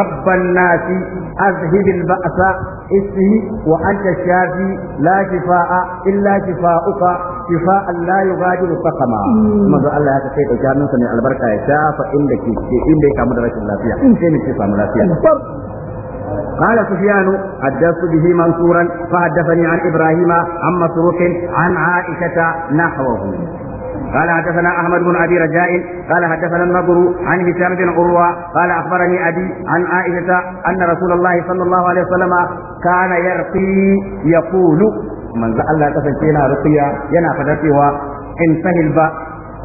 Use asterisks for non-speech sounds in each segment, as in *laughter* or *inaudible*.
رب الناس أذهب البأس اسمي وأنت الشافي لا شفاء إلا شفاءك شفاء لا يغادر سقما ماذا الله يتسيد كان من البركة شافا إنك إنك مدرك اللافية إنك شفاء ملافية قال سفيان حدثت به منصورا فحدثني عن إبراهيم عن مسروق عن عائشة نحوه قال حدثنا احمد بن ابي رجاء قال حدثنا النضر عن هشام بن عروه قال اخبرني ابي عن عائشه ان رسول الله صلى الله عليه وسلم كان يرقي يقول من الله تسجينا رقيا ينا فدتها انتهي الباء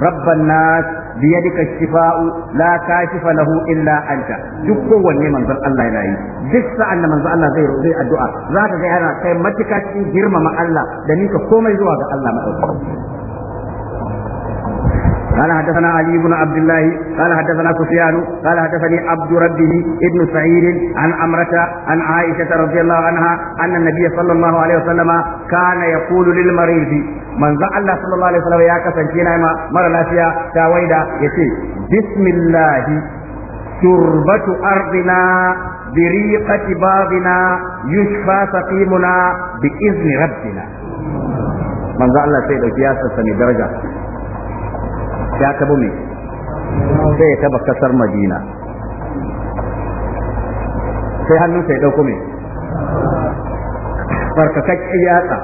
رب الناس بيدك الشفاء لا كاشف له الا انت duk kowanne manzon Allah yana yi duk sa'an da manzon Allah zai zai addu'a za ka ga yana kai matuƙa cikin girmama Allah da nika komai zuwa ga Allah madaukaki قال حدثنا علي بن عبد الله قال حدثنا سفيان قال حدثني عبد ربه ابن سعيد عن عمرة عن عائشة رضي الله عنها أن النبي صلى الله عليه وسلم كان يقول للمريض من الله صلى الله عليه وسلم يا كسنتينا مر لافيا تاويدا يسي بسم الله تربة أرضنا بريقة بابنا يشفى سقيمنا بإذن ربنا من الله سيدك يا سني درجة ya taba mai sai ya taba kasar madina sai hannunsa ya ɗauko mai farkakakken yatsa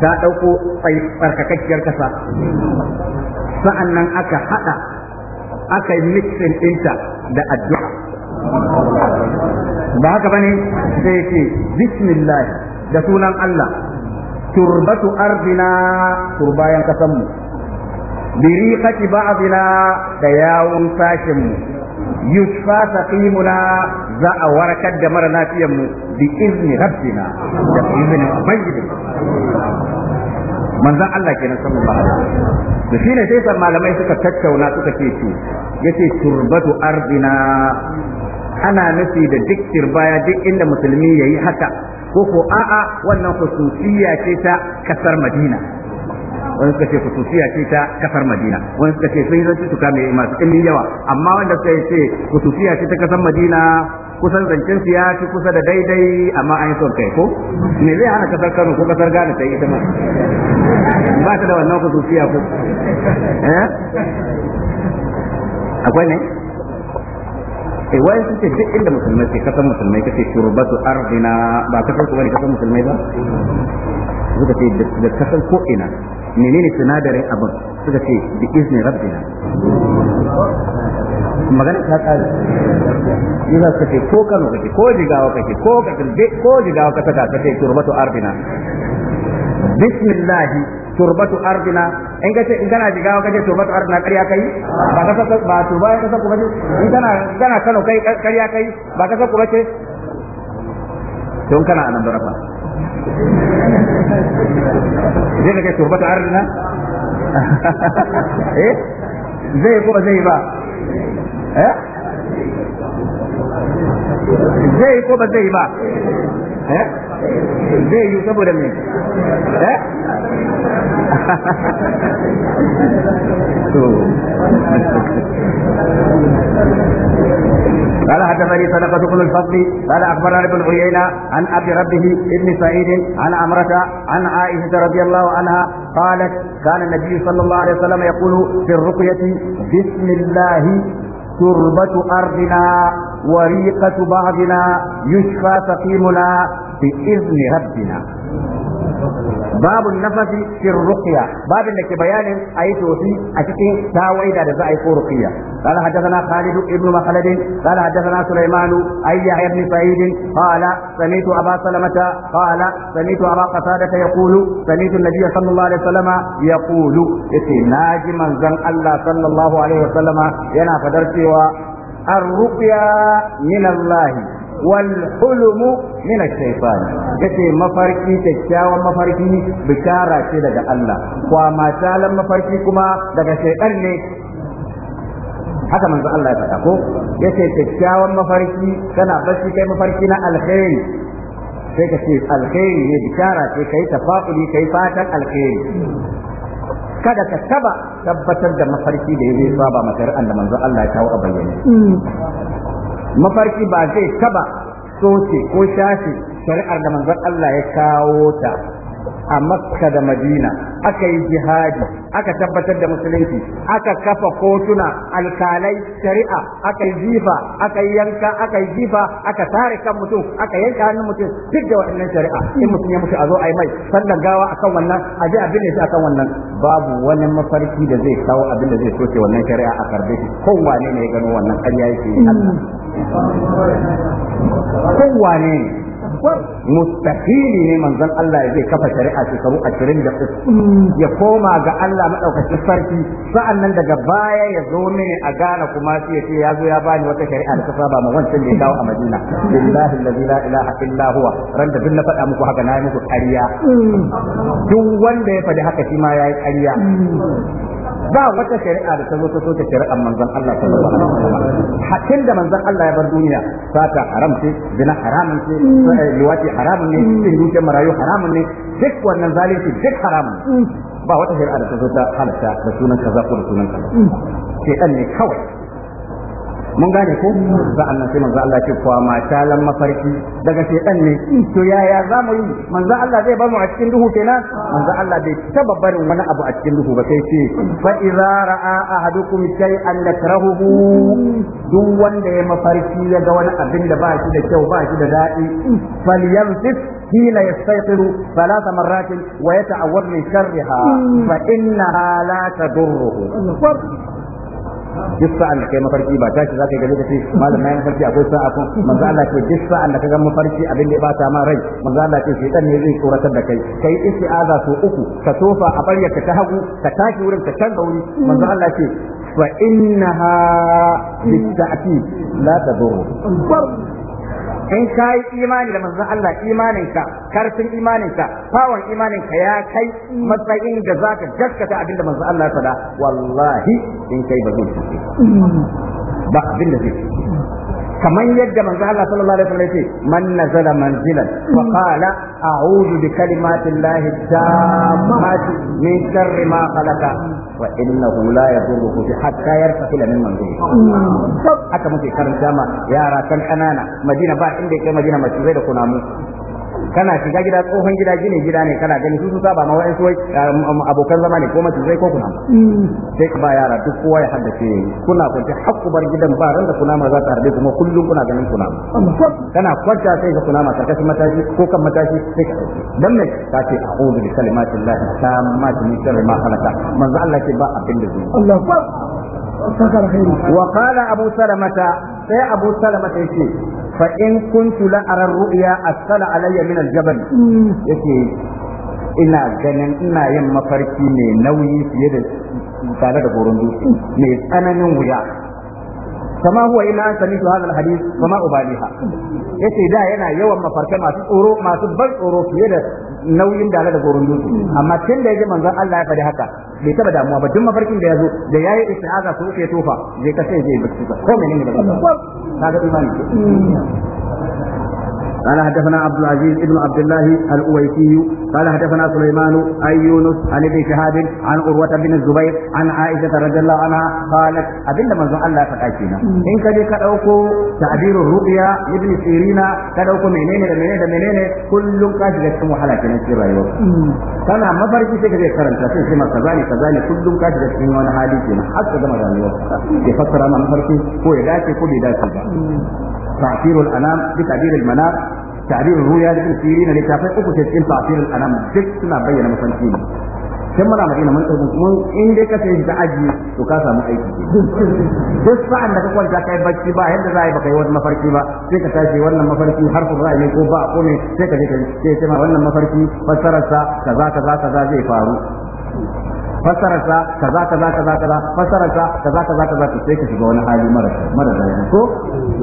ta ɗauko farkakakkiyar kasa sa'an nan aka haɗa aka yi mixin ɗinta da addu'a ba haka ba ne sai ce bismillah da sunan Allah turbatu ardina turbayan kasanmu ba ba'dina da yawun sashin mu yushfa saqimuna za a warkar da mara lafiyar mu bi izni rabbina da izni ubangiji manzon Allah kenan sallallahu alaihi wasallam da ne sai malamai suka tattauna suka ce ce yace turbatu ardina ana nufi da duk baya duk inda musulmi yayi haka ko ko a'a wannan khususiyya ce ta kasar Madina wani suka ce kususiya ce ta kasar madina wani suka ce sun zanci suka mai masu ɗimbin yawa amma wanda suka ce kususiya ce ta kasar madina kusan zancen ya fi kusa da daidai amma an yi son kai ko me zai hana kasar kano ko kasar ghana ta yi ita ma ba ta da wannan kususiya ko eh akwai ne eh wai sun ce duk inda musulmai ke kasar musulmai kace turbatu ardina ba kasar ku bane kasar musulmai ba suka ce da kasar ko ina menene sinadarin abin suka ce bi izni rabbina magana ta kare yi za su ce ko kano kake ko jigawa kake ko kake ko jigawa ka saka kace turbatu ardina bismillah turbatu ardina in kace in kana jigawa kake, turbatu ardina ƙarya kai ba ka saka ba to bayan ka saka bace in kana kana kano kai ƙarya kai ba ka saka ce? don kana anan barafa zai ka kai turbata ardina *laughs* eh zai ko ba zai ba eh zai ko ba zai ba eh zai yi saboda me eh? *laughs* قال حدثني صدقة بن الفضل قال أخبرنا ابن عيينة عن أبي ربه ابن سعيد عن أمرة عن عائشة رضي الله عنها قالت كان النبي صلى الله عليه وسلم يقول في الرقية بسم الله تربة أرضنا وريقة بعضنا يشفى سقيمنا بإذن ربنا باب النفس في الرقية باب انك بيان اي توفي اتكين تاويدا لزا اي رقية قال حدثنا خالد ابن مخلد قال حدثنا سليمان اي يحيى بن سعيد قال سمعت ابا سلمة قال سمعت ابا قتادة يقول سمعت النبي صلى الله عليه وسلم يقول اتي ناجي من زن الله صلى الله عليه وسلم ينا فدرتي الرقية من الله wal hulmu min ash-shaytan yace mafarki kyakkyawan mafarki bishara ce daga Allah kwama talan mafarki kuma daga shaytan ne haka manzo Allah ya faɗa ko yace kyakkyawan mafarki kana bacci kai mafarki na alkhairi sai ka ce alkhairi ne bishara ce kai tafa'uli kai fatan alkhairi kada ka taba tabbatar da mafarki da ya zai saba masari'an da manzo Allah ya kawo a bayyane mafarki ba zai taba soce ko shafe shari'ar da manzon Allah ya kawo ta a makka da madina aka yi jihadi aka tabbatar da musulunci aka kafa kotuna alkalai shari'a aka yi jifa aka yi yanka aka yi jifa aka tare kan mutum aka yanka hannun mutum duk da waɗannan shari'a in mutum ya mutu a zo a yi mai sannan gawa akan wannan a je abin da akan wannan babu wani mafarki da zai kawo abin da zai soke wannan shari'a a karbe shi kowane ne ya gano wannan ƙarya yake yi Allah mm. kowane ne mustaqili ne manzon Allah zai kafa shari'a shekaru 23 ya koma ga Allah madaukakin sarki nan daga baya ya zo mini a gane kuma sai ya ce ya zo ya bani wata shari'a da ta saba ma wancan da ya dawo a Madina billahi allazi la ilaha illa huwa randa duk na faɗa muku haka na yi muku ƙarya duk wanda ya faɗi haka shi ma yayi ƙarya ba wata shari'a da ta zo ta soke shari'ar manzon Allah sallallahu alaihi hakin da manzon Allah ya bar duniya sata haram ce zina haramun ce eh, liwati haramun ne cin dukiyar marayu haramun ne duk wannan zalunci duk haramun ba wata shari'a da ta zo ta halatta da sunan kaza ko da sunan kaza sai ne kawai mun gane ko sa'an nan sai manzo Allah ce kuwa ma mafarki daga shedan ne to yaya za mu yi manzo Allah zai bamu a cikin duhu kenan manzo Allah bai taba barin wani abu a cikin duhu ba sai ce fa idza ra'a ahadukum shay'an yakrahuhu duk wanda ya mafarki ya ga wani abin da ba shi da kyau ba shi da daɗi falyamsif حين يستيقظ ثلاث مرات ويتعوذ من شرها فإنها لا تضره duk sa'an da kai mafarki ba tashi zaka ka ce malama nayi mafarki akwai sa'a kun manzo Allah ce duk sa'an da ga mafarki abin da ya bata ma rai manzo Allah ce shedan ne zai tsoratar da kai kai isti'aza so uku ka tofa a baryar ka ta hagu ka tashi wurin ka canza wuri manzo Allah ce fa innaha bista'ti la tadur in ka yi imani da manzon Allah imaninka karfin imaninka fawon imaninka ya kai matsayin da ka gaskata abin da manzon Allah ya faɗa wallahi in kai ba zai ba abin da zai kamar yadda manzo Allah sallallahu alaihi wasallam yace man nazala manzilan fa qala a'udhu bi kalimati llahi tammati min sharri ma khalaqa wa innahu la yadurruhu bi hatta yartaqila min manzili haka muke karanta ma yara kan kanana madina ba inda yake madina mace da kunamu kana shiga gida tsohon gida gine gida ne kana gani su ba ma wa'ansu wai eh, abokan zama ne ko mace zai ko kuna mm. sai ba yara duk kowa ya haddace kuna kwanci hakku bar gidan ba ran da kuna ma za ta harbe kuma kullum kuna ganin kuna kana kwanta sai ka kuna ma karkashin matashi ko kan matashi sai ka dauke dan ne ka ce a'udhu bi kalimatillahi ta min sharri ma halata. manzo Allah ke ba abin da zai Allah akbar wa qala abu salamata sai abu salamata ce fa in kuntu la ara ru'ya asala alayya min al-jabal ina ganin ina yin mafarki mai nauyi fiye da tare da horon dutse mai tsananin wuya kama huwa ina an sami hadha al-hadith kama ubaliha yace da yana yawan mafarkai masu tsoro masu ban tsoro fiye da nauyin dala da goron dutse amma tun da ya ji manzon Allah ya faɗi haka bai taba damuwa ba duk mafarkin da ya zo da yayi istiaza ko sai tofa zai kace zai bacci ko menene da kaga imani قال حدثنا عبد العزيز بن عبد الله الأويسي قال حدثنا سليمان أي يونس عن ابن شهاب عن عروة بن الزبير عن عائشة رضي الله عنها قالت أبن من الله فتأتينا إن كدي كدوكو تعبير الرؤيا لابن سيرين كدوكو منين منين منين كل كاشف كم وحلا كنا سير أيوة كان ما فرق شيء كذا كلام كذا شيء ما كذاني كذاني كل كاشف كم وانا حالي كنا حتى كذا ما كان يفكر أنا ما فرق هو يداتي كل يداتي تعبير الأنام بتعبير المنام tarihin ruya da sirri na littafai uku ta cikin tafsirin anam duk suna bayyana mafarki ne sai muna magana mun tsaya mun in dai ka sai ta aji to ka samu aiki duk sa'an da ka kwanta kai bacci ba yadda za a yi baka yi wani mafarki ba sai ka tashi wannan mafarki harfin ra'ayi ne ko ba ko ne sai ka je ka sai ma wannan mafarki fassarar sa kaza kaza kaza zai faru fasararsa kaza kaza kaza kaza fasararsa kaza kaza kaza to sai ka shiga wani hali mara mara daɗi ko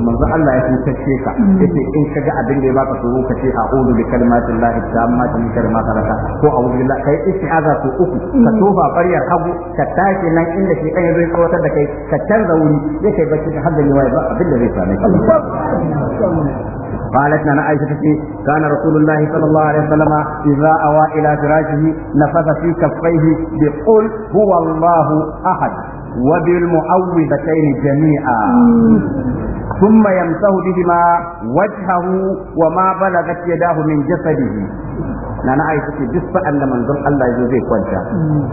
manzo Allah ya tsace ka yace in kaga abin da ya baka tsoro ka ce a'udhu bi kalimatillahi tammati min sharri ma khalaqa ko a'udhu billahi kai isti'aza to uku ka tofa faryar hagu ka tashi nan inda shi kan yazo ya tsawatar da kai ka canza wuri yake bacci da haddani wai ba abin da zai same ka قالت لنا عائشة كان رسول الله صلى الله عليه وسلم إذا أوى إلى فراشه نفث في كفيه بقل هو الله أحد وبالمعوذتين جميعا ثم يمسه بهما وجهه وما بلغت يداه من جسده nana aisha ce duk sa'an da manzon Allah yazo zai kwanta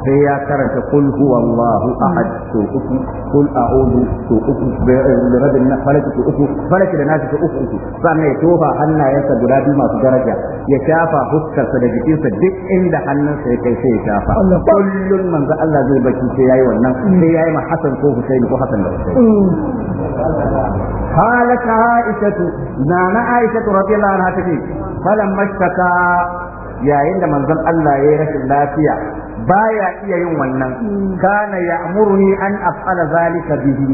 sai ya karanta kul huwallahu ahad to uku kul a'udhu to uku bi rabbin nas falaki to uku falaki da nasi to uku uku sannan ya tofa hannayensa guda biyu masu daraja ya shafa huskarsa da jikinsa duk inda hannunsa ya kai sai ya shafa kullun manzon Allah zai baki sai yayi wannan sai yayi ma Hassan ko Hussein ko Hassan da Hussein قالت عائشة نانا عائشة رضي الله عنها تجي فلما اشتكى yayin da manzon Allah ya yi rashin lafiya baya iya yin wannan kana ya ya'muruni an af'ala zalika bihi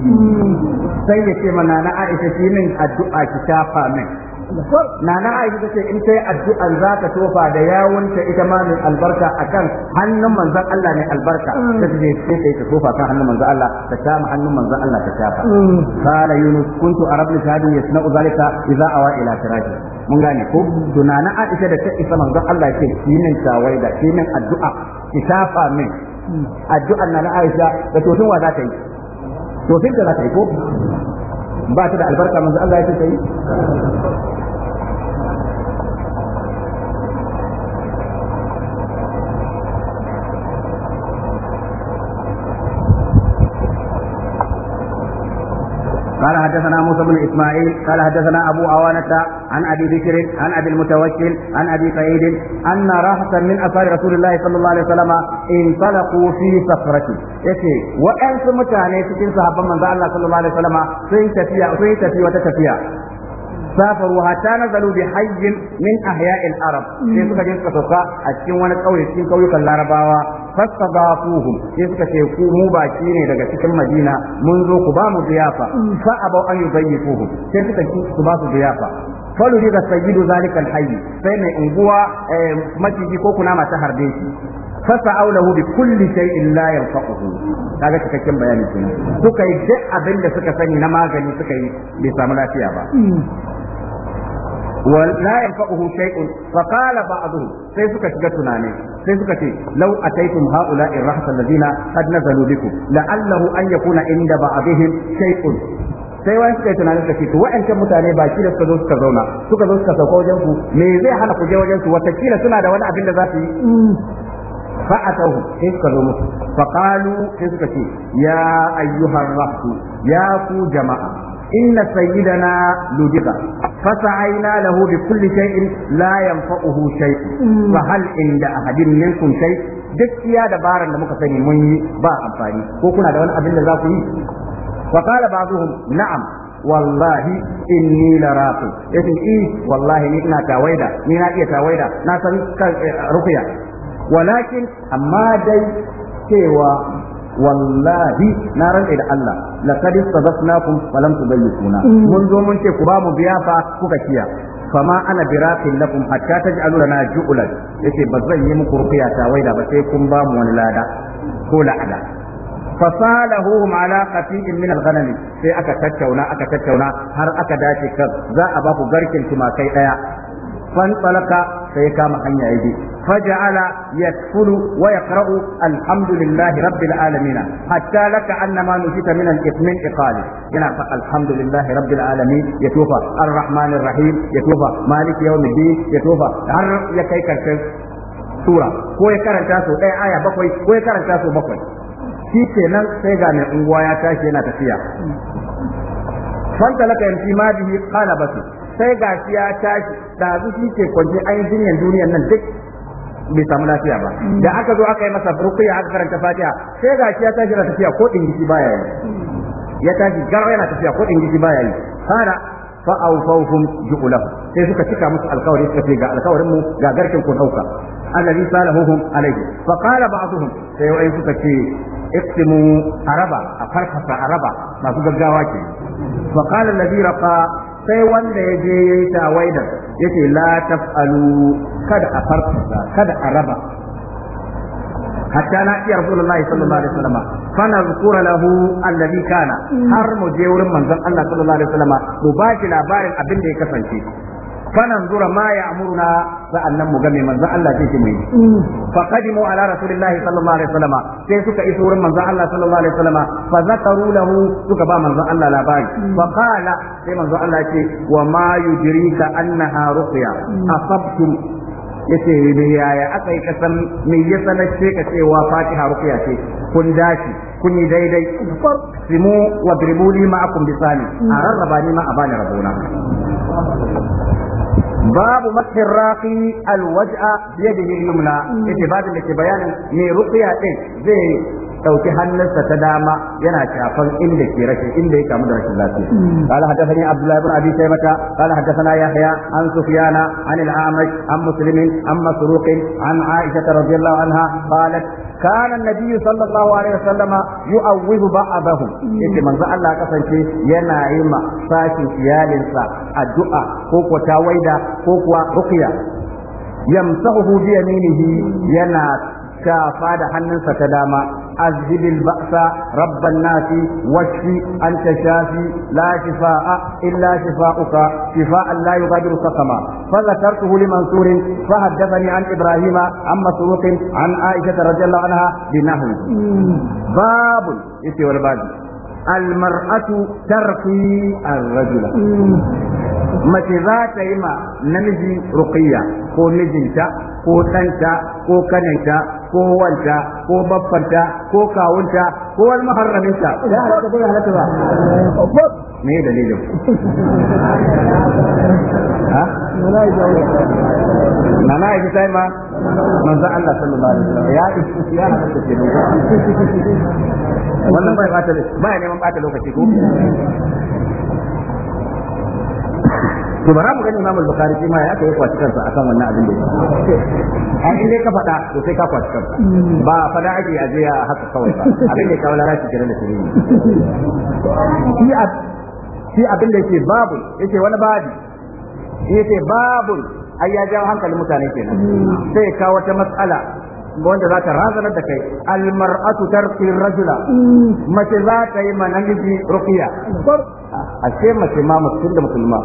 sai ya ce mana na Aisha shi min addu'a ki tafa min nana Aisha ta ce in ta yi addu'an za ka tofa da yawunta ita ma mai albarka a kan hannun manzan Allah mai albarka ta ce sai ta yi ta tofa kan hannun manzan Allah ta kama hannun manzan Allah ta shafa. Mm. Kala Yunus kuntu a rabin shahadin ya sana'u zalika idza awa ila firashi. mun gane ko dunana Aisha da ta isa manzon Allah ke kinin tawai da kinin addu'a ki min addu'a na na Aisha da tun wa za ta yi tun da za ta yi ko ba ta da albarka manzon Allah ya ce ta yi قال حدثنا موسى بن اسماعيل قال حدثنا ابو عوانة عن ابي بكر عن ابي المتوكل عن ابي سعيد ان رهطا من اثار رسول الله صلى الله عليه وسلم انطلقوا في سفرته yace waɗansu mutane cikin sahabban manzo Allah sallallahu alaihi wasallam sun tafiya sun wata tafiya safaru hatta nazalu bi hayyin min ahya'il arab sai suka je sauka a cikin wani ƙauye, cikin ƙauyukan larabawa fastadafuhum sai suka ce ku mu baki ne daga cikin Madina mun zo ku ba mu ziyafa fa abau an yudayyifuhum sai suka ki su ba su ziyafa falu da sayyidu zalikal hayy sai mai unguwa eh, maciji ko kuna mata harbe shi fasa lahu bi kulli shay'in la yanfaquhu kaga cikakken bayani kenan suka yi duk abin da suka sani na magani suka yi bai samu lafiya ba ولا ينفعه شيء فقال بعضهم sai suka shiga tunani sai suka ce law ha'ula haula'i rahsa alladhina qad nazalu bikum la'allahu an yakuna inda ba'dihim sai wani suka yi tunanin suka to wa'ancan mutane ba shi da suka zo suka zauna suka zo suka sauka wajen ku me zai hana ku je wajen su watakila suna da wani abin da za su yi fa'atahu sai suka zo musu faqalu sai suka ce ya ayyuhar rahsu ya ku jama'a inna sayyidana ludiqa فسعينا له بكل شيء لا ينفعه شيء فهل عند أحد منكم شيء duk iya dabaran da muka sani munyi yi ba amfani ko kuna da wani abin da za ku yi wa qala ba'dhum na'am wallahi inni laraku yace i wallahi ni ina tawaida ni na iya tawaida na san ruqya walakin amma dai cewa wallahi na rantsa da Allah laqad sadaqnakum wa lam tudayyifuna mun zo mun ce ku ba mu biya fa kuka kiya fama ana biraqin lakum hatta taj'alu lana ju'lan yace ba zan yi muku ruqiya ta waida ba sai kun ba mu wani lada ko la'ada fasalahum ala qatin min al-ghanam sai aka tattauna aka tattauna har aka dace kan za a ba ku garkin tumakai daya fan talaka sai ya kama hanya ya bi faja'ala yakfulu wa yaqra'u alhamdulillahi rabbil alamin hatta laka annama nufita min al ithmin iqali yana fa alhamdulillahi rabbil alamin ya tofa arrahmanir rahim ya tofa malik yawmiddin ya tofa har ya kai karshen sura ko ya karanta su dai aya bakwai ko ya karanta su bakwai shi kenan sai ga mai unguwa ya tashi yana tafiya fanta laka yamshi ma bihi qala basu sai ga shi ya tashi ɗazu shi ke kwance ainihin yin duniyar nan duk bai samu lafiya ba da aka zo aka yi masa rukuya aka karanta fatiha sai ga shi ya tashi yana tafiya ko dingiki baya yi ya tashi garo yana tafiya ko dingiki baya yi kana fa awfawhum ju'ulahu sai suka cika musu alkawari suka ce ga alkawarin mu ga garkin ku dauka alladhi salahuhum alayhi fa qala ba'dhum sai wai suka ce iqsimu araba a farfasa araba masu gaggawa ke fa qala alladhi raqa sai wanda ya je ya yi tawaidar ce la taf'alu kada a farfasa kada a raba hatta na iya rasulullahi sallallahu alaihi wasallam fana zukura lahu alladhi kana har mu je wurin manzon Allah sallallahu alaihi wasallam mu ba shi labarin abin da ya kasance fana zura ma ya'muruna nan mu ga mai manzo Allah zai ce mu yi fa qadimu ala rasulillahi sallallahu alaihi wasallam sai suka iso wurin manzan Allah sallallahu alaihi wasallam fa zakaru lahu suka ba manzan Allah labari fa qala sai manzan Allah ce wa ma yudrika annaha ruqya asabtum yace ne yaya aka yi kasan me ya sanar ka cewa fatiha ruqya ce kun dashi kun yi daidai simu wa dribuli ma'akum bisani a rarraba ni ma a bani rabona باب مسح الراقي الوجع بيده اليمنى في باب اللي بيان مي رقيه إيه؟ زي dauki hannunsa ta dama yana shafan inda ke rashin inda ya kamu da rashin lafiya hmm. qala hadathani abdullah ibn abi shaybata qala ya haya, an Sufiyana, an al-a'mash an Musulmin, an masruq an aisha ta radhiyallahu anha qalat كان النبي صلى الله عليه وسلم يؤوه بعضهم yace manzo Allah kasance yana yi ma sashin iyalinsa addu'a ko kuwa tawaida ko kuwa ruqya yamsahu bi yaminihi yana shafa da hannunsa ta dama اذهب البأس رب الناس واشف أنت شافي لا شفاء إلا شفاءك شفاء لا يغادر سقما فذكرته لمنصور فحدثني عن إبراهيم عن مسروق عن عائشة رضي الله عنها بنحو باب يسير الباب المرأة ترقي الرجل ما تزات إما نمزي رقية كو نجنتا كو تنتا كو كنتا كو وانتا كو بفرتا كو كاونتا كو المحرمتا لا me dalilin *laughs* ha na na yi sai ma manzo Allah sallallahu alaihi wasallam ya ya halatta ke wannan bai bata bai neman bata lokaci ko to bara mu gani Imam Bukhari shi ma ya kai kwaci kansa akan wannan abin da yake an inda ka fada to sai ka kwaci kansa ba fada ake aje a haka kawai ba abin da ya kawo larashi kenan da shi ne shi abin da yake babu yake wani babi yake babu ai ya jawo hankalin mutane kenan sai kawo wata matsala wanda za ta razanar da kai almar'atu tarfi rajula mace za ta yi manamiji ruqiya a ce mace ma mutum da musulma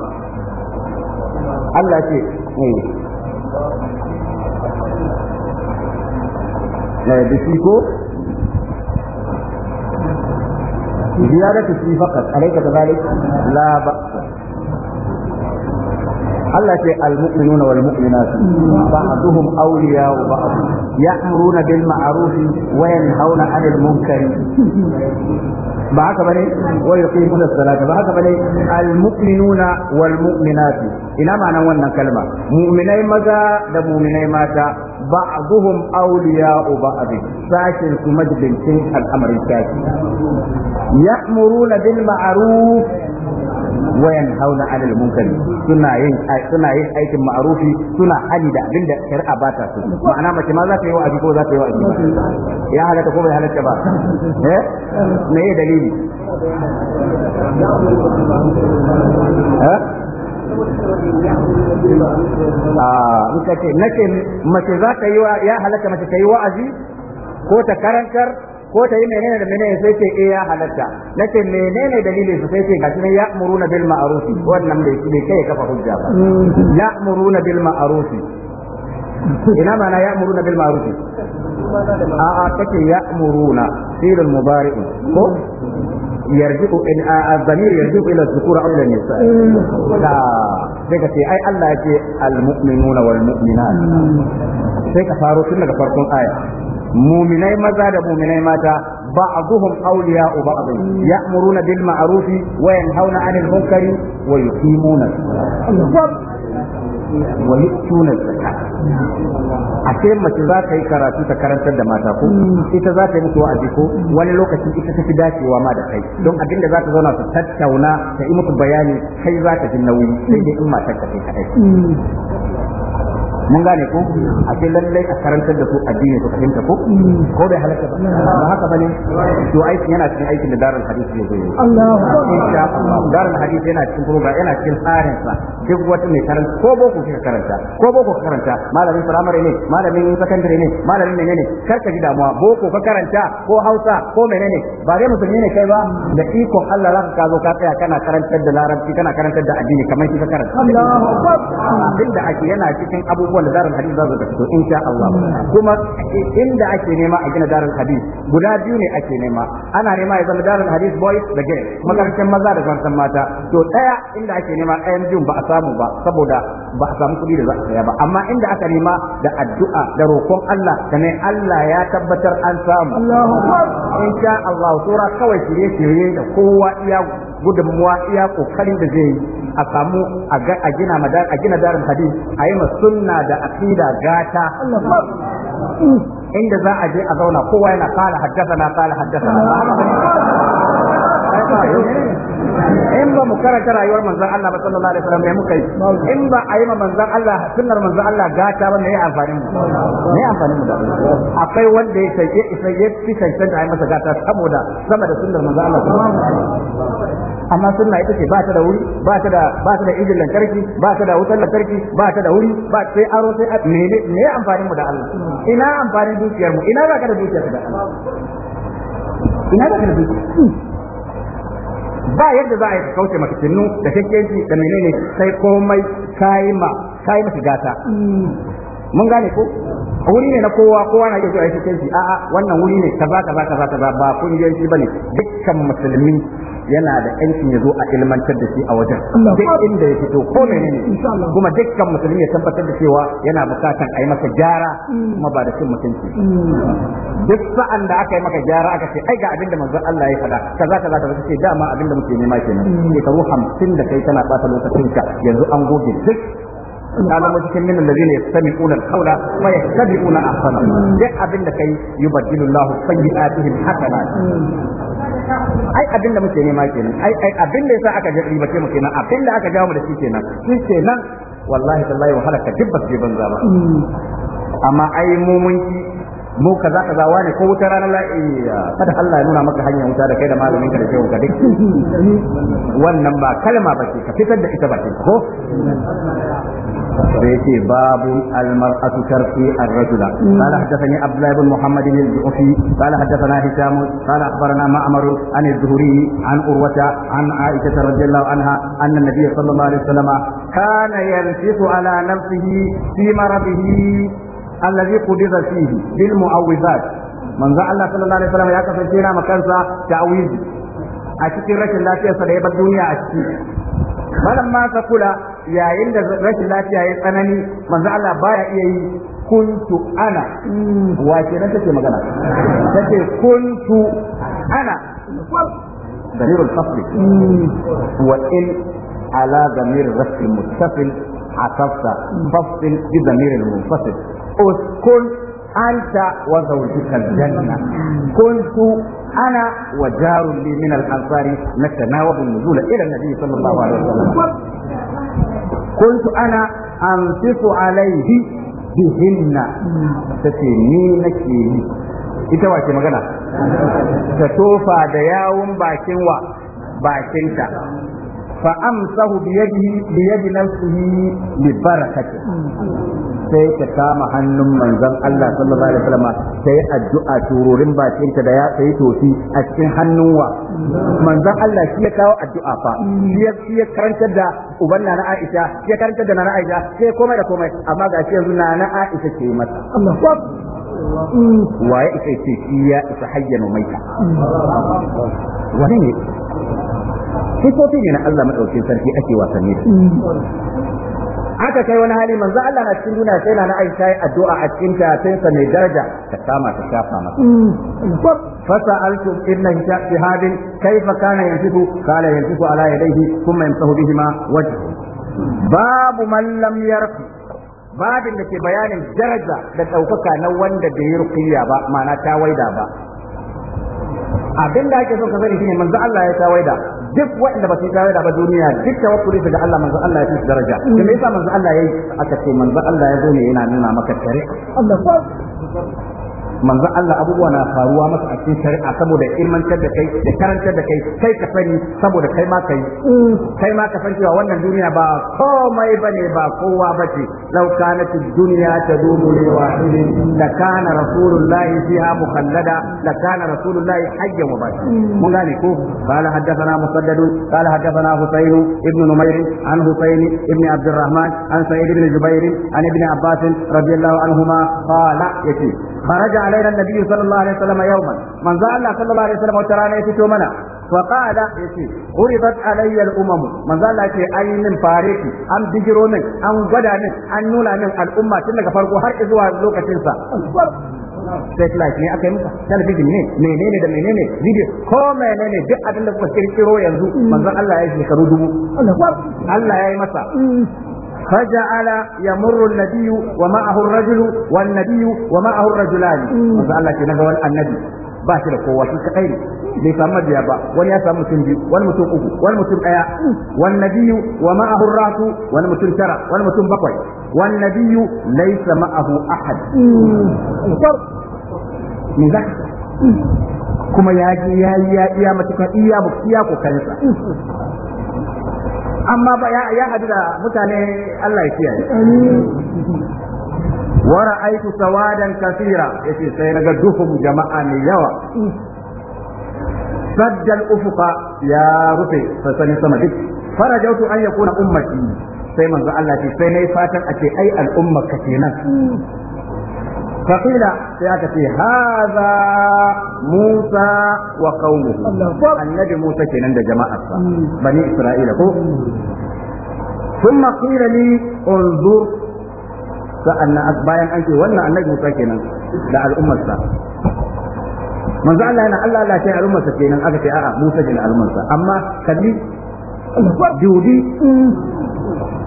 Allah ce eh. Eh, ko ziyaratu fi faqat alayka kadhalik la ba'sa Allah ce al-mu'minuna wal mu'minat ba'duhum awliya'u ba'd ya'muruna bil ma'ruf wa yanhauna 'anil munkar ba haka bane wa yuqimuna as-salata ba haka bane al-mu'minuna wal mu'minat ina ma'anar wannan kalma mu'minai maza da mu'minai mata ba'duhum awliya'u ba'd sashin su majbincin al'amarin sashi ya'muruna bil ma'ruf wayan hauna alal munkari suna yin suna yin aikin ma'arufi suna hani da abin da shari'a ba ta so ma'ana mace ma za ta yi wa'azi ko za ta yi wa'azi ya halatta ko bai halatta ba eh me ye dalili eh ah, in ce nace mace za ta yi ya halatta mace ta yi wa'azi ko ta karantar ko ta yi menene da menene sai ce eh ya halatta nace menene dalilin su sai ce gashi ne ya'muruna bil ma'ruf wannan bai bai kai kafa hujja ba ya'muruna bil ma'ruf ina mana ya'muruna bil ma'ruf a'a kace ya'muruna fi'l mudari ko يرجع إن الضمير يرجع إلى الذكور أو إلى النساء لا ذيك في أي الله يجي Sai ka ذيك فاروق لك farkon aya. muminai maza da muminai mata ba'dhum awliya'u ba'd ya'muruna bil ma'ruf wa yanhauna 'anil munkari wa yuqimuna wa yu'tuna zakat a ce mace za ta yi karatu ta karantar da mata ko ita za ta yi musu aji ko wani lokaci ita ta fi dacewa ma da kai don abin da za ta zauna su tattauna ta yi muku bayani kai za ta ji nauyi sai dai in matar ka kai kadai mun gane ko a ce lallai a karantar da su addini su fahimta ko ko bai halaka ba ba haka bane to yana cikin aikin da darul hadisi ne zai yi darul hadisi yana cikin kuma yana cikin tsarin sa duk wata mai karanta ko boko kika karanta ko boko karanta malamin primary ne malamin secondary ne malamin menene kar ka ji damuwa boko ka karanta ko Hausa ko menene ba dai musulmi ne kai ba da iko Allah zaka ka zo ka tsaya kana karantar da larabci kana karantar da addini kamar kika karanta Allahu akbar yana cikin abubuwa abubuwan da darul hadith za su ga in insha Allah kuma inda ake nema a gina darul hadith guda biyu ne ake nema ana nema ya zama darar hadith boy da girls makarantar maza da makarantar mata to daya inda ake nema ɗayan biyun ba a samu ba saboda ba a samu kuɗi da za a saya ba amma inda aka nema da addu'a da roƙon Allah da ne Allah ya tabbatar an samu insha Allah sura kawai shirye-shirye da kowa iya gudunmuwa iya kokarin da zai yi a samu a gina a gina darin hadis a yi sunna da aqida gata inda za a je a zauna kowa yana kala haddasa na kala haddasa in ba mu karanta rayuwar manzon Allah ba sallallahu alaihi wasallam ne muka yi in ba a yi ma manzon Allah sunnar manzon Allah gata ba ne ya amfani mu ne amfani mu da akwai wanda ya sai ya fi sai da ai masa gata saboda sama da sunnar manzon Allah amma sunna ita ce ba ta da wuri ba ta da ba ta da injin lantarki ba ta da wutar lantarki ba ta da wuri ba sai aro sai mene ne amfani mu da Allah ina amfani dukiyar mu ina za ka da dukiyar da Allah ina za ka da dukiyar ba yadda za a yi ka kauce maka cinnu da kekeji da menene sai komai kayi ma kayi masa gata mun gane ko wuri ne na kowa kowa na iya zuwa yake a'a wannan wuri ne kaza kaza kaza kaza ba kungiyanci bane dukkan musulmi yana da yancin ya zo a ilmantar da shi a wajen duk inda ya fito ko ne kuma dukkan musulmi ya tabbatar da cewa yana bukatan a yi masa gyara mm. kuma ba da cin mutunci mm. duk sa'an da aka yi maka gyara aka ce ai ga abin da manzon Allah ya faɗa kaza kaza kaza ce dama abin da muke nema kenan mm. shekaru hamsin da kai tana bata lokacinka yanzu an goge duk قال مجتمع من الذين يستمعون القول ويتبعون احسنه ده abin da kai yubaddilu Allah sayyi'atihim hasanat ai abin da muke nema kenan ai ai abin yasa aka riba ce mu kenan abin da aka jawo mu da shi kenan shi kenan wallahi tallahi wa halaka dibba je banza ba mm. amma ai mu mun mu kaza kaza ne ko wata ranar la'iya eh, kada Allah ya nuna maka hanyar wuta da kai da malamin ka da kai ka duk wannan ba kalma ba ce ka fitar da ita ba ce ko da yake babu almar'atu tarfi ar-rajula qala hadathani abdullah ibn muhammad bin al-ufi qala hadathana hisam qala akhbarana ma'mar an az-zuhri an urwata an aisha radhiyallahu anha anna nabiy sallallahu alaihi wasallam kana yanfisu ala nafsihi fi maradihi allazi qudira fihi bil mu'awwizat manzo Allah sallallahu alaihi wasallam ya kasance yana makansa ta'awizi a cikin rashin lafiyarsa da ya bar duniya a ciki malam ma ka kula yayin da rashin lafiya ya tsanani manzo Allah baya iya yi kuntu ana wace nan take magana take kuntu ana ضمير الفصل وإن على ضمير الرفع المتصل عطفت فصل بضمير المنفصل uskun anta wa zawjuka aljanna kuntu ana wa jarun li min al-ansari natanawabu nuzula ila nabi sallallahu alaihi wasallam kuntu ana alaihi bihinna tace ni nake yi ita wace magana Ka tofa da yawun bakin wa bakinta fa amsahu bi yadihi bi yadi nafsihi bi barakati sai ka kama hannun manzon Allah sallallahu alaihi wasallam sai addu'a tururin bakin ka da ya sai tofi a cikin hannun wa manzon Allah shi ya kawo addu'a fa shi ya karantar da uban na Aisha shi ya karantar da na Aisha sai komai da komai amma ga shi yanzu na Aisha ce masa waye ita ce shi ya isa hayyana maita wani ne sifofi ne na Allah madaukin sarki ake wasanni da aka kai wani hali manzo Allah na cikin duniya sai na na Aisha yi addu'a a cikin tafinsa mai daraja ta kama ta shafa masa fa فسألت ابن شهاب كيف كان ينفق قال ينفق على يديه ثم يمسح بهما وجهه باب من لم يرقي babin da ke bayanin daraja da ɗaukaka na wanda bai yi rukiya ba ma'ana ta waida ba abin da ake so ka sani shine manzo Allah ya ta waida duk waɗanda ba su tare da ba duniya duk tawakkuli daga Allah manzo Allah ya fi daraja to me yasa manzo Allah yayi aka ce manzo Allah ya zo ne yana nuna maka shari'a Allah manzon Allah abubuwa na faruwa masa a cikin shari'a saboda ilmantar da kai da karantar da kai kai ka sani saboda kai ma kai mm, kai ma ka san cewa wannan duniya ba komai bane ba kowa bace law kanat ad-dunya tadumu li wahidin la kana rasulullahi fiha mukhallada la kana rasulullahi hajjan wa bashi mm. mun gane ko qala haddathana musaddad qala haddathana husayn ibn numayr an husayn ibn abd الرحمن عن سعيد بن جبير عن ابن عباس رضي الله عنهما قال يتي خرج علينا النبي صلى الله عليه وسلم يوما من زال الله صلى الله عليه وسلم وترانا يسيتو منا فقال يسي غرضت علي الأمم من زال الله أي من فاريتي أم بجرو من أم غدا من أن نولا من الأمة تنك فرقو هر إزوا لوكا تنسى satellite ne aka yi muka talabijin ne menene da menene video ko menene duk abin da kuka kirkiro yanzu manzon Allah ya shekaru dubu Allah ya yi masa فجعل يمر النبي ومعه الرجل والنبي ومعه الرجلان manzo Allah ke naga wani annabi ba shi da kowa shi kadai ne bai samu mabiya ba wani ya samu mutum biyu wani mutum uku wani mutum daya wan nabiyyu wa ma'ahu ar wani mutum tara wani mutum bakwai ma'ahu kuma ya ji ya ya iya matukan amma ba ya hadu da mutane Allah ya kiyaye wa ra'aytu sawadan kathira yace sai naga duhum jama'a ne yawa sadda al-ufuqa ya rufe sassani sama duk farajautu an yakuna ummati sai manzo Allah ce sai nayi fatan a ai al'umma ka kenan فقيل سيأتي هذا موسى وقومه النبي موسى كان جماعة بني إسرائيل ثم قيل لي انظر فأن أتباين أنت وأن النبي موسى كان لا الأمة manzo Allah yana Allah Allah sai al'ummar sa kenan aka ce a'a Musa ne al'ummar sa amma kalli dubi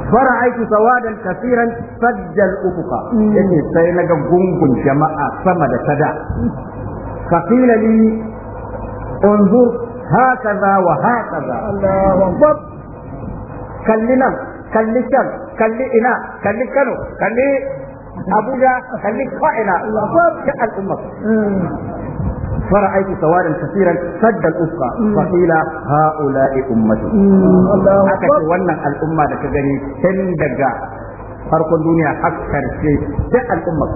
fara'aitu sawadan kasiran sajjal ufuqa yace sai naga gungun jama'a sama da sada فقيل لي انظر هكذا وهكذا الله اكبر كلنا كلي كم كلي انا كلي كانوا كلي abuja kalli ko'ina duk فرأيت سوادا كثيرا سد الأفق فقيل هؤلاء أمتي أكثر ونن الأمة لك جني تندقى farkon duniya har karshe sai al'umma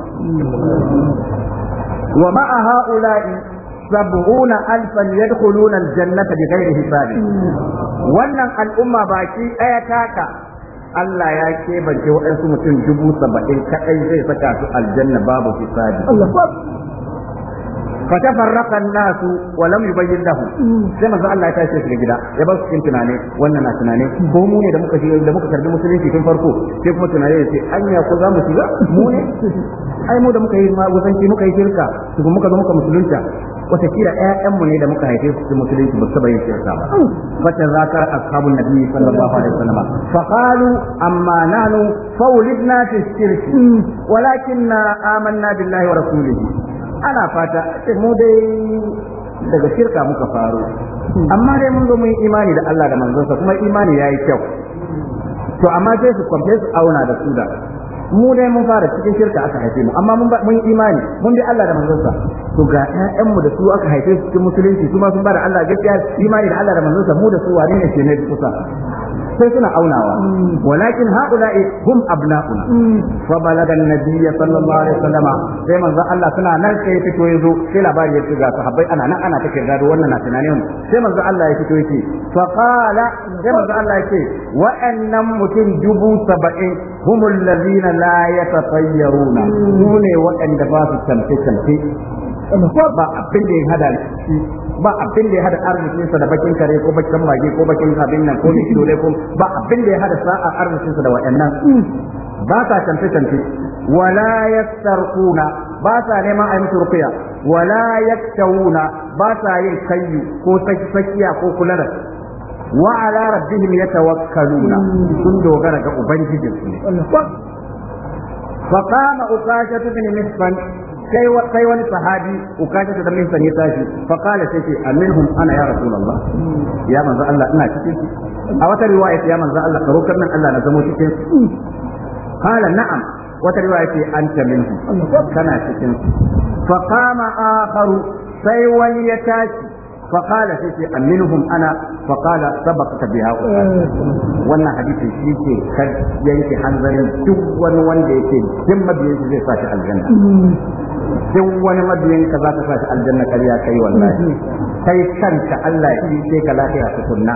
wa ma'a ha'ula'i sab'una alfan yadkhuluna aljannata bighairi hisabi wannan al'umma baki ɗaya taka Allah ya kebance waɗansu mutum dubu saba'in kaɗai zai saka su aljanna babu hisabi fatafarraqa an-nasu wa lam yubayyin lahum sai manzo Allah ya tashi daga gida ya ba su cikin tunane wannan na tunane ko mu ne da muka shiga da muka karbi musulunci tun farko sai kuma tunane ya ce anya ko za mu shiga mu ai mu da muka yi ma gusanci muka yi shirka su muka zo muka musulunta wata kira ƴaƴan mu ne da muka haifi su musulunci ba su taba yin shirka ba fata zakar ashabun nabi sallallahu alaihi wasallam fa qalu amma amanna wa ana fata sai eh, mu dai daga shirka muka faro amma dai mun zo mun yi imani da Allah da manzonsa kuma imani yayi kyau to amma sai su kwamfe su auna da su da mu dai mun fara cikin shirka aka haife mu amma mun mun imani mun bi Allah da manzonsa to ga ƴaƴan mu da su aka haife su cikin musulunci kuma sun bada Allah gaskiya imani da Allah da manzonsa mu da su wane ne ke ne kusa sai suna aunawa walakin haula'i hum abna'una fa balaga nabiyya sallallahu alaihi wasallama sai manzon Allah suna nan sai ya fito yazo sai labari ya shiga sahabbai ana nan ana take gado wannan na tunanin sai manzon Allah ya fito yake fa qala sai manzon Allah yake wa'annan mutum dubu saba'in humul ladina la yatafayyaruna su ne waɗanda ba su tamfe tamfe ba abin da ya hada ba abin da ya hada arzikin sa da bakin kare ko bakin mage ko bakin abin nan ko mai ido ko ba abin da ya hada sa'a arzikin sa da wayannan ba sa tantance tantance wala yastarquna ba sa neman a yi musu ruqiya wala yaktawuna ba sa yin kayyu ko sakiya ko kulara wa ala rabbihim yatawakkaluna sun dogara ga su ne فقام أقاشة بن مسفن Kai sai wani sahabi ukata da min sanye tashi fa qala sai aminhum ana ya rasulullah ya manzo Allah ina cikin a wata riwaya ya manzo Allah karo nan Allah na zamo cikin qala na'am wata riwaya ce anta minhum kana cikin fa qama akharu sai wani ya tashi فقال سيتي أمنهم أنا فقال سبقت بها وانا حديثي yanke hanzarin duk wani wanda وان ديكي جمع zai زي فاتح الجنة duk wani mabiyin ka zaka sa shi aljanna ƙarya kai wallahi kai kanka Allah ya ce ka lafiya tukunna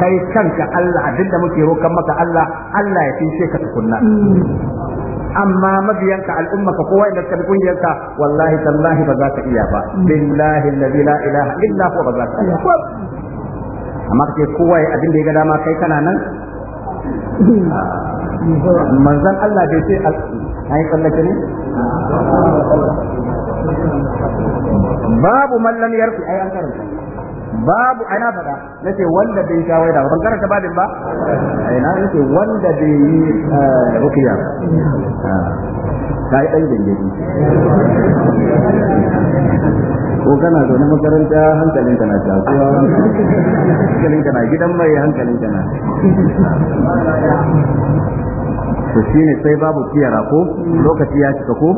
kai kanka Allah abinda muke rokan maka Allah Allah ya ce ka tukunna amma mabiyanka al'ummarka ko wanda suka ka, wallahi tallahi ba za ka iya ba billahi allazi la ilaha illa huwa ba za ka iya amma kake kowa ya abin da ya ga dama kai kana nan manzon Allah bai sai. tsallake ne babu mallam yarfi ai an karanta babu ana faɗa na ce wanda bai sha waida ba ban karanta babin ba ai na ce wanda bai yi eh, rukiya ta ah, yi ɗan jirgin ko kana zaune makaranta hankalinka na zuwa hankalinka na gidan mai hankalinka na to ne sai babu kiyara ko lokaci ya cika ko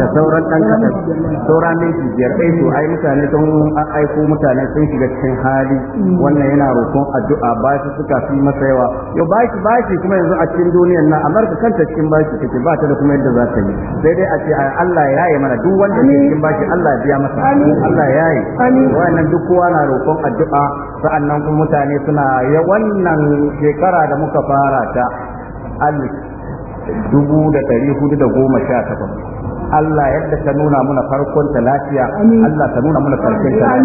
da sauran ɗan kadan sauran ne su biyar ɗai eh su ai mutane sun aiko mutane sun shiga cikin hali wannan yana roƙon addu'a ba su suka fi masa yawa yau ba shi ba shi kuma yanzu a cikin duniyar nan Amurka kanta cikin shi take ba ta da kuma yadda za ta yi sai dai a ce Allah ya yi mana duk wanda ke cikin bashi Allah ya biya masa Allah ya yi wannan duk kowa na roƙon addu'a sa'annan kuma mutane suna ya wannan shekara da muka fara ta alif dubu da ɗari hudu da goma sha takwas Allah yadda ta nuna muna farkon ta lafiya Allah ta nuna muna farkon ta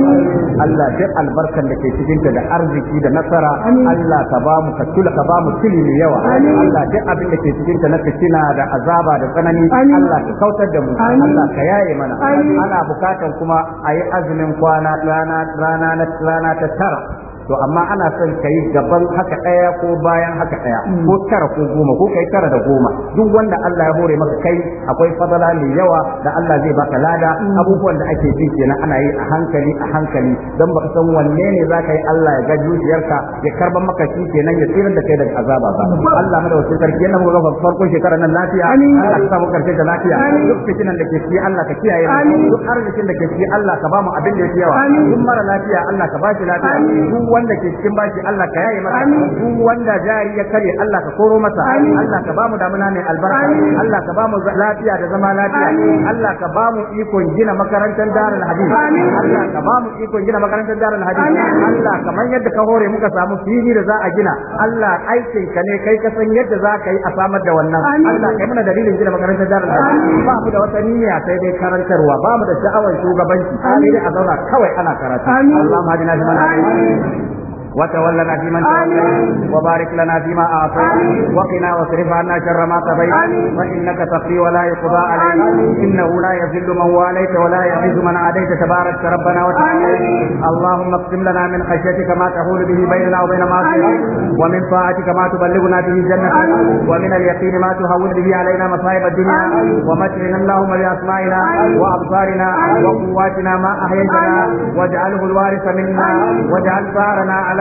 Allah duk albarkan da ke cikin ta da arziki da nasara Allah ta ba mu ka tula ka ba mu tili mai yawa Allah duk abin da ke cikin ta na fitina da azaba da tsanani Allah ka kautar da mu Allah ka yaye mana ana bukatan kuma a yi azumin kwana rana rana ta tara to amma ana son kai gaban haka ɗaya ko bayan haka ɗaya mm. ko tara ko goma ko kai tara da goma duk wanda Allah ya hore maka kai akwai fadala mai yawa da Allah zai baka lada mm. abubuwan da ake ji kenan ana yi a hankali a hankali dan baka san wanne ne zaka yi Allah ya ga zuciyarka ya karban maka shi kenan ya tsira da kai daga azaba ba Allah madawacin sarki yana muka gafa farkon shekarar nan lafiya Allah ka samu karshen da lafiya duk fitinan da ke ci Allah ka kiyaye duk arzikin da ke ci Allah ka ba mu abin da yake yawa duk mara lafiya Allah ka ba shi lafiya duk wanda ke cikin bashi Allah ka yaye masa duk wanda jari ya kare Allah ka koro masa Allah ka bamu damuna mai albarka Allah ka bamu lafiya da zama lafiya Allah ka bamu ikon gina makarantar darul hadith Allah ka bamu ikon gina makarantar darul hadith Allah kamar yadda ka hore muka samu fili da za a gina Allah aikin ka ne kai ka san yadda za ka yi a samar da wannan Allah kai mana dalilin gina makarantar darul hadith ba mu da wata niyya sai dai karantarwa ba mu da sha'awar shugabanci sai dai a zauna kawai ana karatu Allah ma dina mana وتولنا فيمن توليت وبارك لنا فيما أعطيت وقنا واصرف عنا شر ما قضيت وانك تقضي ولا يقضى عليك إنه لا يذل من واليت ولا يعز من عاديت تبارك ربنا وتعالى اللهم اقسم لنا من خشيتك ما تحول به بيننا وبين معصيتك ومن طاعتك ما تبلغنا به جنتك ومن اليقين ما تهون به علينا مصائب الدنيا ومتعنا اللهم بأسمائنا وأبصارنا وقواتنا ما أحييتنا واجعله الوارث منا واجعل ثارنا على